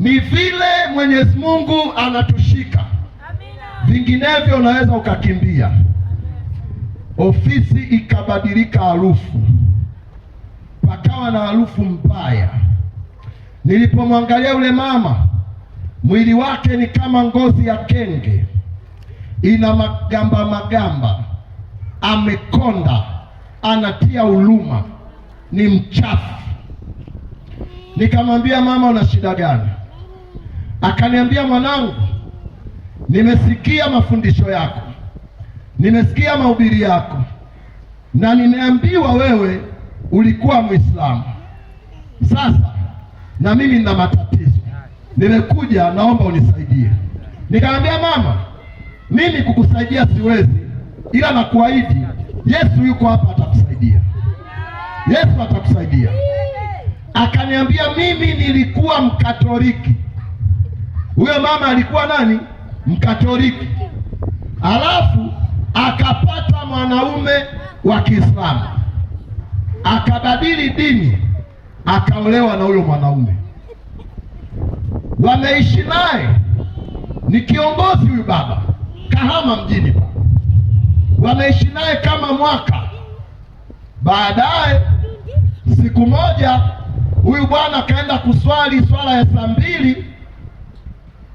Ni vile Mwenyezi Mungu anatushika, vinginevyo unaweza ukakimbia, ofisi ikabadilika harufu, pakawa na harufu mbaya. Nilipomwangalia yule mama, mwili wake ni kama ngozi ya kenge, ina magamba magamba, amekonda, anatia uluma ni mchafu. Nikamwambia mama, una shida gani? akaniambia, mwanangu, nimesikia mafundisho yako, nimesikia mahubiri yako, na nimeambiwa wewe ulikuwa Mwislamu. Sasa na mimi nina matatizo, nimekuja, naomba unisaidie. Nikamwambia, mama, mimi kukusaidia siwezi, ila nakuahidi Yesu yuko hapa, atakusaidia. Yesu atakusaidia. Akaniambia, mimi nilikuwa Mkatoliki huyo mama alikuwa nani? Mkatoliki, alafu akapata mwanaume wa Kiislamu, akabadili dini, akaolewa na huyo mwanaume, wameishi naye. Ni kiongozi huyu baba, Kahama mjini pa, wameishi naye kama mwaka. Baadaye siku moja huyu bwana akaenda kuswali swala ya saa mbili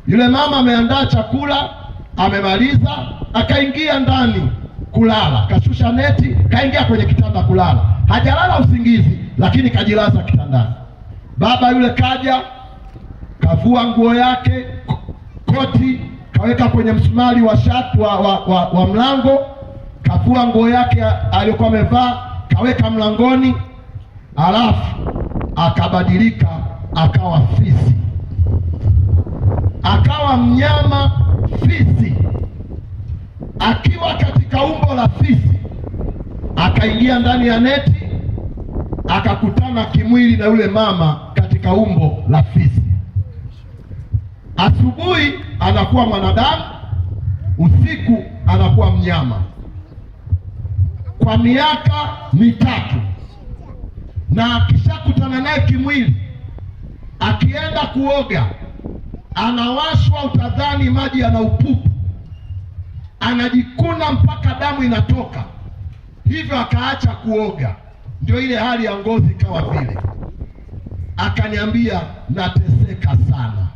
yule mama ameandaa chakula, amemaliza, akaingia ndani kulala, kashusha neti, kaingia kwenye kitanda kulala. Hajalala usingizi, lakini kajilaza kitandani. Baba yule kaja, kavua nguo yake, koti kaweka kwenye msumari wa shati wa, wa, wa, wa mlango, kavua nguo yake aliyokuwa amevaa kaweka mlangoni, alafu akabadilika akawa fisi akawa mnyama fisi. Akiwa katika umbo la fisi, akaingia ndani ya neti, akakutana kimwili na yule mama katika umbo la fisi. Asubuhi anakuwa mwanadamu, usiku anakuwa mnyama. Kwa miaka mitatu na akishakutana naye kimwili, akienda kuoga anawashwa, utadhani maji yana upupu, anajikuna mpaka damu inatoka, hivyo akaacha kuoga, ndio ile hali ya ngozi kawa vile. Akaniambia nateseka sana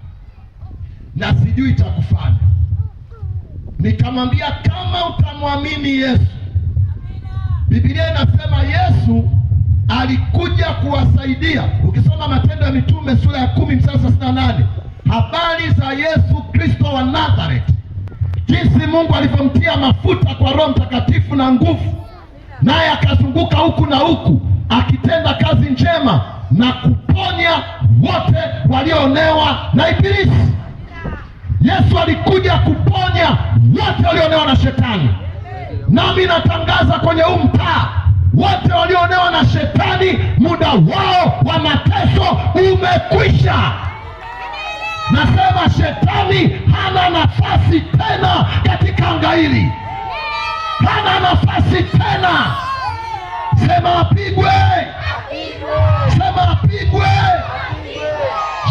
na sijui cha kufanya. Nikamwambia kama utamwamini Yesu, Biblia inasema Yesu alikuja kuwasaidia. Ukisoma Matendo ya Mitume sura ya kumi mstari thelathini na nane habari za Yesu Kristo wa Nazareti, jinsi Mungu alivyomtia mafuta kwa Roho Mtakatifu na nguvu, naye akazunguka huku na huku akitenda kazi njema na kuponya wote walioonewa na Ibilisi. Yesu alikuja kuponya wote walioonewa na Shetani. Nami natangaza kwenye huu mtaa, wote walioonewa na Shetani, muda wao wa mateso umekwisha. Nasema shetani hana nafasi tena katika anga hili, hana nafasi tena. Sema apigwe, sema apigwe.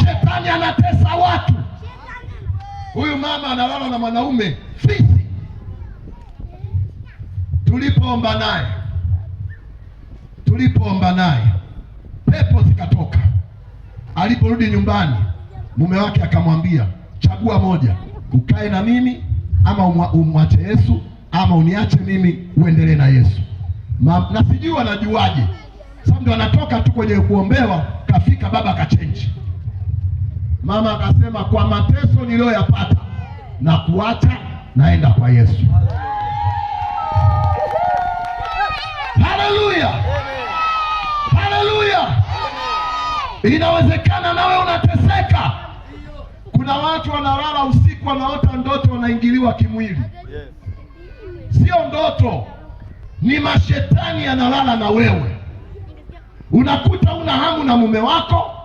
Shetani anatesa watu. Huyu mama analala na mwanaume fisi. Tulipoomba naye, tulipoomba naye, pepo zikatoka. Aliporudi nyumbani mume wake akamwambia, chagua moja, ukae na mimi ama umwache Yesu ama uniache mimi uendelee na Yesu. Ma, na sijui wanajuaje? Sasa ndio anatoka tu kwenye kuombewa, kafika baba kachenji. Mama akasema kwa mateso niliyoyapata na kuacha naenda kwa Yesu. Haleluya, haleluya! Inawezekana nawe unateseka kuna watu wanalala usiku, wanaota ndoto, wanaingiliwa kimwili. Sio ndoto, ni mashetani yanalala na wewe. Unakuta una hamu na mume wako